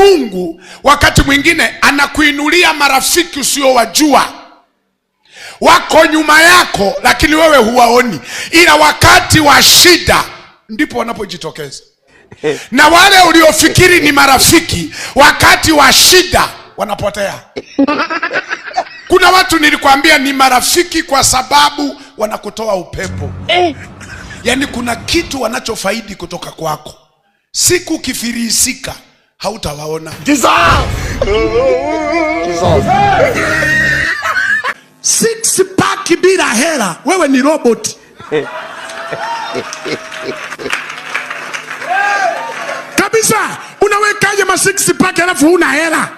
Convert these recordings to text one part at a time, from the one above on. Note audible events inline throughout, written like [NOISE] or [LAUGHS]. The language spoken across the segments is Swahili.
Mungu wakati mwingine anakuinulia marafiki usiowajua, wako nyuma yako, lakini wewe huwaoni, ila wakati wa shida ndipo wanapojitokeza. [LAUGHS] Na wale uliofikiri ni marafiki, wakati wa shida wanapotea. Kuna watu nilikwambia ni marafiki kwa sababu wanakutoa upepo, eh. yaani kuna kitu wanachofaidi kutoka kwako, siku kifirisika hautawaona. Six pack bila hela, wewe ni robot. Kabisa, unawekaje ma six pack alafu huna hela?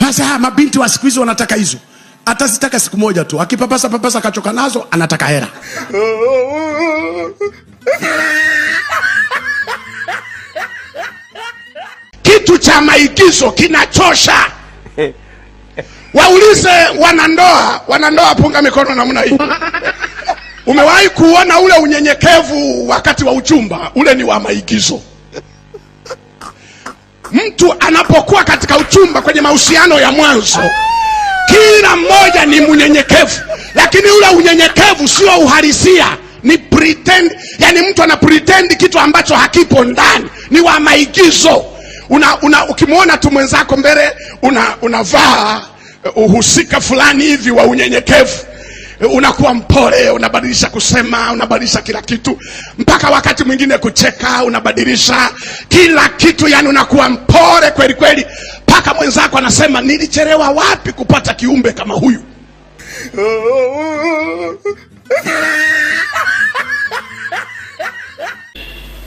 Sasa mabinti wa siku hizi wanataka hizo atazitaka siku moja tu, akipapasa papasa akachoka nazo, anataka hera. Kitu cha maigizo kinachosha. Waulize wanandoa, wanandoa punga mikono namna hii. Umewahi kuona ule unyenyekevu wakati wa uchumba? Ule ni wa maigizo. Mtu anapokuwa katika uchumba kwenye mahusiano ya mwanzo kila mmoja ni mnyenyekevu, lakini ule unyenyekevu sio uhalisia, ni pretend. Yani mtu ana pretend kitu ambacho hakipo ndani, ni wa maigizo. Una, una, ukimwona tu mwenzako mbele unavaa una eh, uhusika fulani hivi wa unyenyekevu eh, unakuwa mpole, unabadilisha kusema, unabadilisha kila kitu, mpaka wakati mwingine kucheka, unabadilisha kila kitu, yani unakuwa mpole kweli kweli, mpaka mwenzako anasema nilicherewa wapi kupata kiumbe kama huyu?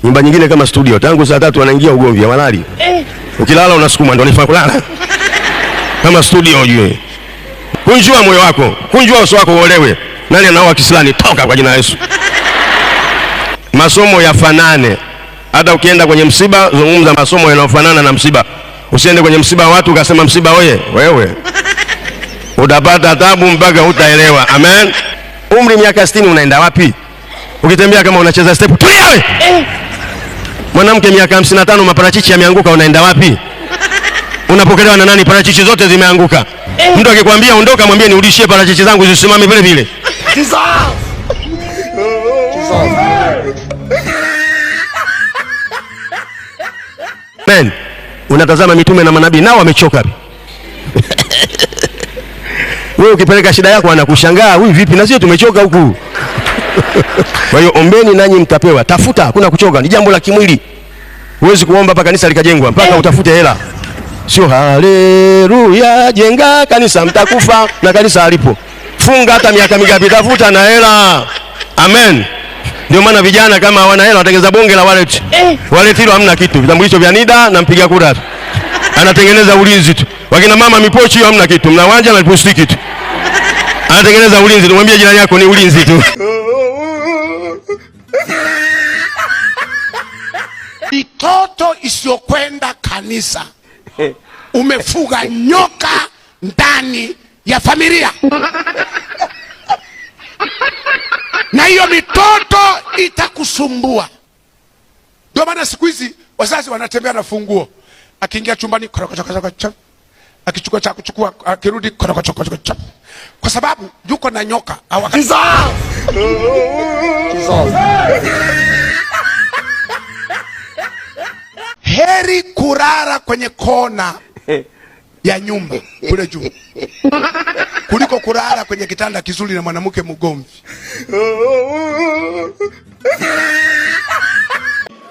nyumba nyingine kama studio, tangu saa tatu wanaingia ugomvi, hawalali eh. Ukilala unasukuma, ndo nifaa kulala kama studio. Ujue kunjua moyo wako, kunjua uso wako, uolewe. Nani anaoa kisilani? Toka kwa jina la Yesu. Masomo yafanane, hata ukienda kwenye msiba, zungumza masomo yanayofanana na msiba. Usiende kwenye msiba watu ukasema msiba oye. Wewe [LAUGHS] utapata tabu mpaka utaelewa. Amen. Umri miaka 60 unaenda wapi? Ukitembea kama unacheza step, tulia Mwanamke miaka 55 maparachichi yameanguka, unaenda wapi? [LAUGHS] Unapokelewa na nani? Parachichi zote zimeanguka. Eh. Mtu akikwambia ondoka, mwambie nirudishie parachichi zangu zisimame vile vile. Men unatazama mitume na manabii nao wamechoka. [LAUGHS] Wewe ukipeleka shida yako anakushangaa, huyu vipi? Na sisi tumechoka huku. [LAUGHS] Kwa hiyo ombeni nanyi mtapewa. Tafuta, hakuna kuchoka, ni jambo la kimwili. Huwezi kuomba mpaka kanisa likajengwa, mpaka eh. utafute hela. Sio haleluya, jenga kanisa, mtakufa na kanisa alipo Funga hata miaka mingapi, tafuta na hela. Amen. Ndio maana vijana kama hawana hela watengeneza bonge la wallet. Eh. Wallet hilo hamna kitu. Vitambulisho vya NIDA na mpiga kura tu. Anatengeneza ulinzi tu. Wakina mama mipochi hiyo hamna kitu. Mnawanja na lipstick tu. Anatengeneza ulinzi. Mwambie jirani yako ni ulinzi tu. Mtoto isiyokwenda kanisa. Umefuga nyoka ndani ya familia na hiyo mitoto itakusumbua. Ndio maana siku hizi wazazi wanatembea na funguo, akiingia chumbani akichukua cha kuchukua, akirudi kwa sababu yuko na nyoka heri kurara kwenye kona ya nyumba kule juu kuliko kulala kwenye kitanda kizuri na mwanamke mgomvi.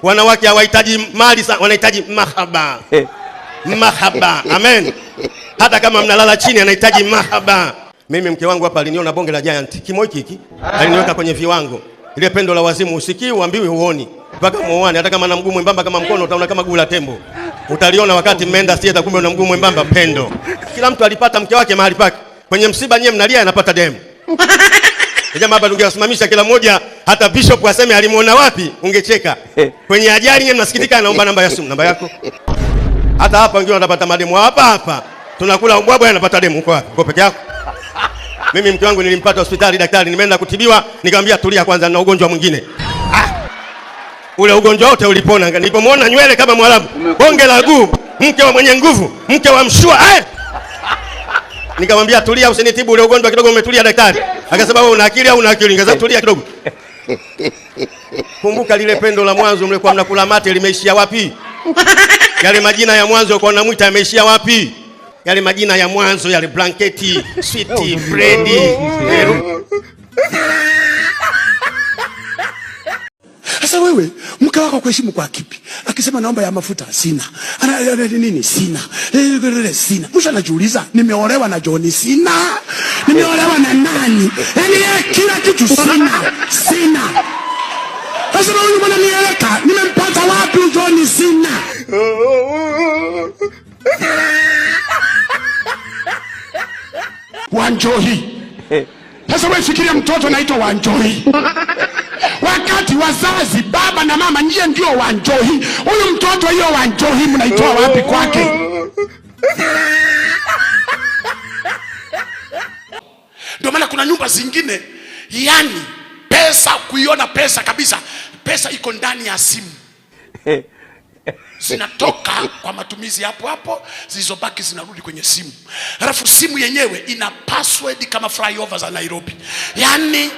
Wanawake hawahitaji mali sana, wanahitaji mahaba eh. mahaba. Amen. Hata kama mnalala chini, anahitaji mahaba. Mimi mke wangu hapa aliniona bonge la giant kimo hiki hiki, aliniweka kwenye viwango. Ile pendo la wazimu usikii, uambiwi, huoni mpaka muone. Hata kama ana mguu mwembamba kama mkono, utaona kama guu la tembo. Utaliona wakati oh. mmeenda sieta, kumbe una mguu mwembamba. Pendo, kila mtu alipata mke wake mahali pake. Kwenye msiba nyie mnalia, anapata demu. [LAUGHS] Jamaa hapa tungewasimamisha kila mmoja, hata bishop aseme alimuona wapi, ungecheka. [LAUGHS] Kwenye ajali nyie mnasikitika, anaomba namba ya simu, namba yako. Hata hapa wengine wanapata mademu hapa hapa, tunakula ubwabwa, anapata demu. Uko wapi? Uko peke yako? [LAUGHS] Mimi mke wangu nilimpata hospitali, daktari, nimeenda kutibiwa, nikamwambia tulia kwanza, na ugonjwa mwingine ule ugonjwa wote ulipona. Nilipomwona nywele kama Mwarabu, bonge la guu, mke wa mwenye nguvu, mke wa mshua eh! [LAUGHS] Nikamwambia tulia, usinitibu ule ugonjwa kidogo, umetulia daktari. Akasema wewe una akili au una akili? Nikasema tulia kidogo. [LAUGHS] Kumbuka lile pendo la mwanzo mlikuwa mnakula mate, limeishia wapi? [LAUGHS] Yale majina ya mwanzo kwa unamwita yameishia wapi? Yale majina ya mwanzo yale, blanketi, sweet, bread, sasa wewe mke wako kuheshimu kwa kipi? Akisema naomba ya mafuta sina. Ana, nini sina. E, sina. Mwisho anajiuliza nimeolewa na John sina. Nimeolewa na nani? Yani yeye kila kitu sina. Sina. Sasa huyu mwana nieleka, nimempata wapi John sina? Wanjohi. Eh. Sasa wewe fikiria mtoto anaitwa Wanjohi. [LAUGHS] wakati wazazi baba na mama nyie ndio wanjohi. Huyu mtoto hiyo wanjohi mnaitoa wapi kwake? Ndio maana kuna nyumba zingine, yani pesa kuiona pesa kabisa, pesa iko ndani ya simu [LAUGHS] zinatoka kwa matumizi hapo hapo, zilizobaki zinarudi kwenye simu. Halafu simu yenyewe ina password kama flyover za Nairobi, yani,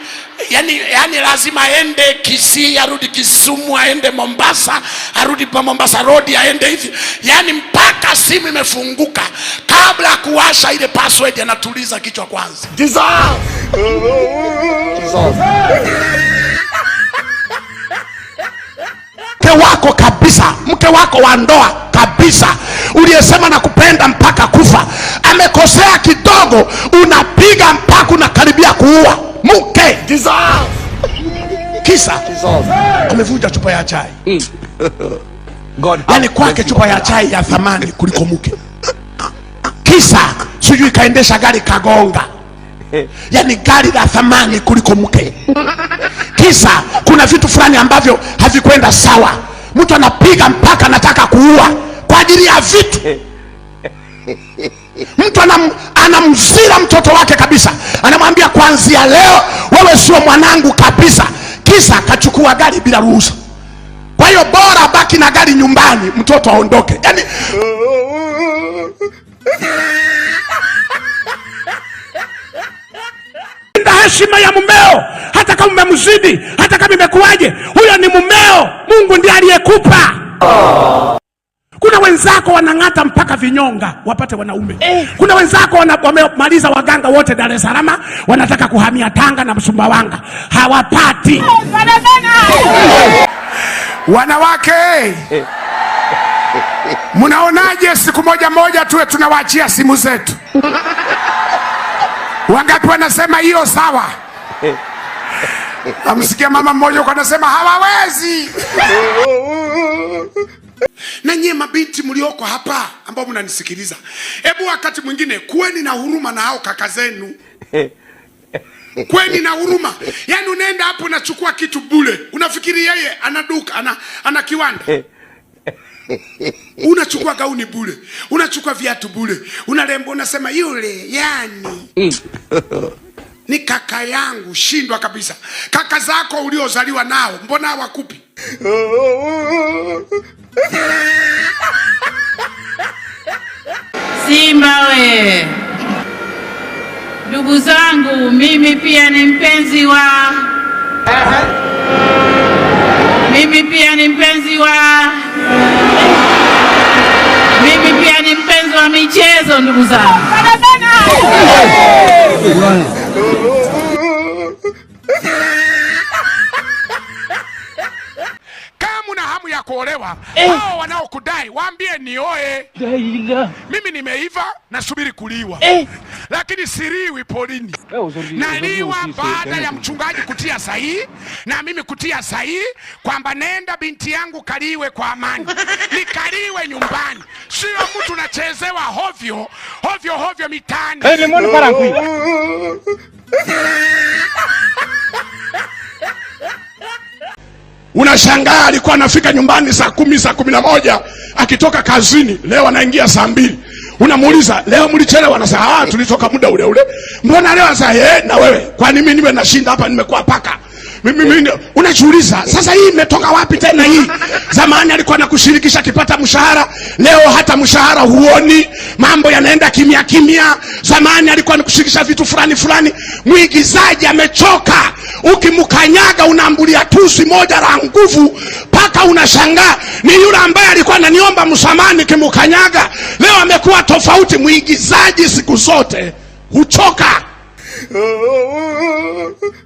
yani, yani lazima aende Kisii arudi Kisumu, aende Mombasa arudi pa Mombasa road aende hivi, yani mpaka simu imefunguka. Kabla ya kuwasha ile password, anatuliza kichwa kwanza. mke wako kabisa, mke wako wa ndoa kabisa, uliyesema na kupenda mpaka kufa, amekosea kidogo, unapiga mpaka unakaribia kuua mke. Kisa amevuja chupa ya chai mm. Yani kwake chupa ya chai ya thamani kuliko mke. Kisa sijui kaendesha gari kagonga, [LAUGHS] yani gari la thamani kuliko mke. Kisa vitu fulani ambavyo havikwenda sawa. Mtu anapiga mpaka anataka kuua kwa ajili ya vitu [LAUGHS] mtu anam, anamzira mtoto wake kabisa, anamwambia kuanzia leo wewe sio mwanangu kabisa, kisa kachukua gari bila ruhusa. Kwa hiyo bora baki na gari nyumbani, mtoto aondoke. Yani [LAUGHS] heshima ya mumeo kama mmemzidi, hata kama imekuwaje, huyo ni mumeo. Mungu ndiye aliyekupa. Kuna wenzako wanang'ata mpaka vinyonga wapate wanaume eh. Kuna wenzako wana, wamemaliza waganga wote Dar es Salaam, wanataka kuhamia Tanga na Msumbawanga hawapati. wanawake eh. Mnaonaje siku moja moja tuwe tunawaachia simu zetu? [LAUGHS] Wangapi wanasema hiyo sawa? Eh. Amsikia mama mmoja uko anasema hawawezi. Na nyie mabinti mlioko hapa ambao mnanisikiliza, hebu wakati mwingine kuweni na huruma na hao kaka zenu kweni na huruma. Yaani unaenda hapo unachukua kitu bule, unafikiri yeye ana duka ana, ana kiwanda unachukua gauni bule, unachukua viatu bule, unarembo, unasema yule yani mm ni kaka yangu, shindwa kabisa. Kaka zako uliozaliwa nao mbona hawakupi? Simba we! Ndugu zangu, mimi pia ni mpenzi wa mimi pia ni mpenzi wa mimi pia ni mpenzi wa michezo, ndugu zangu. Tudo. kuolewa eh, hao wanaokudai waambie nioe, mimi nimeiva nasubiri kuliwa eh, lakini siriwi polini eh, naliwa baada ya eh. mchungaji kutia sahihi na mimi kutia sahihi kwamba nenda binti yangu kaliwe kwa amani, [LAUGHS] nikaliwe nyumbani, sio mtu nachezewa hovyo hovyo hovyo mitaani. Eh, [LAUGHS] Unashangaa alikuwa anafika nyumbani saa kumi, saa kumi na moja, akitoka kazini, leo anaingia saa mbili. Unamuuliza, leo mlichelewa? nasema ah, tulitoka muda ule ule. Mbona leo? Anasema eh, na wewe, kwani mi niwe nashinda hapa? Nimekuwa paka unajiuliza sasa, hii imetoka wapi tena hii? Zamani alikuwa anakushirikisha akipata mshahara, leo hata mshahara huoni, mambo yanaenda kimya kimya. Zamani alikuwa anakushirikisha vitu fulani fulani. Mwigizaji amechoka, ukimkanyaga unaambulia tusi moja la nguvu, mpaka unashangaa ni yule ambaye alikuwa ananiomba msamani nikimkanyaga, leo amekuwa tofauti. Mwigizaji siku zote huchoka [LAUGHS]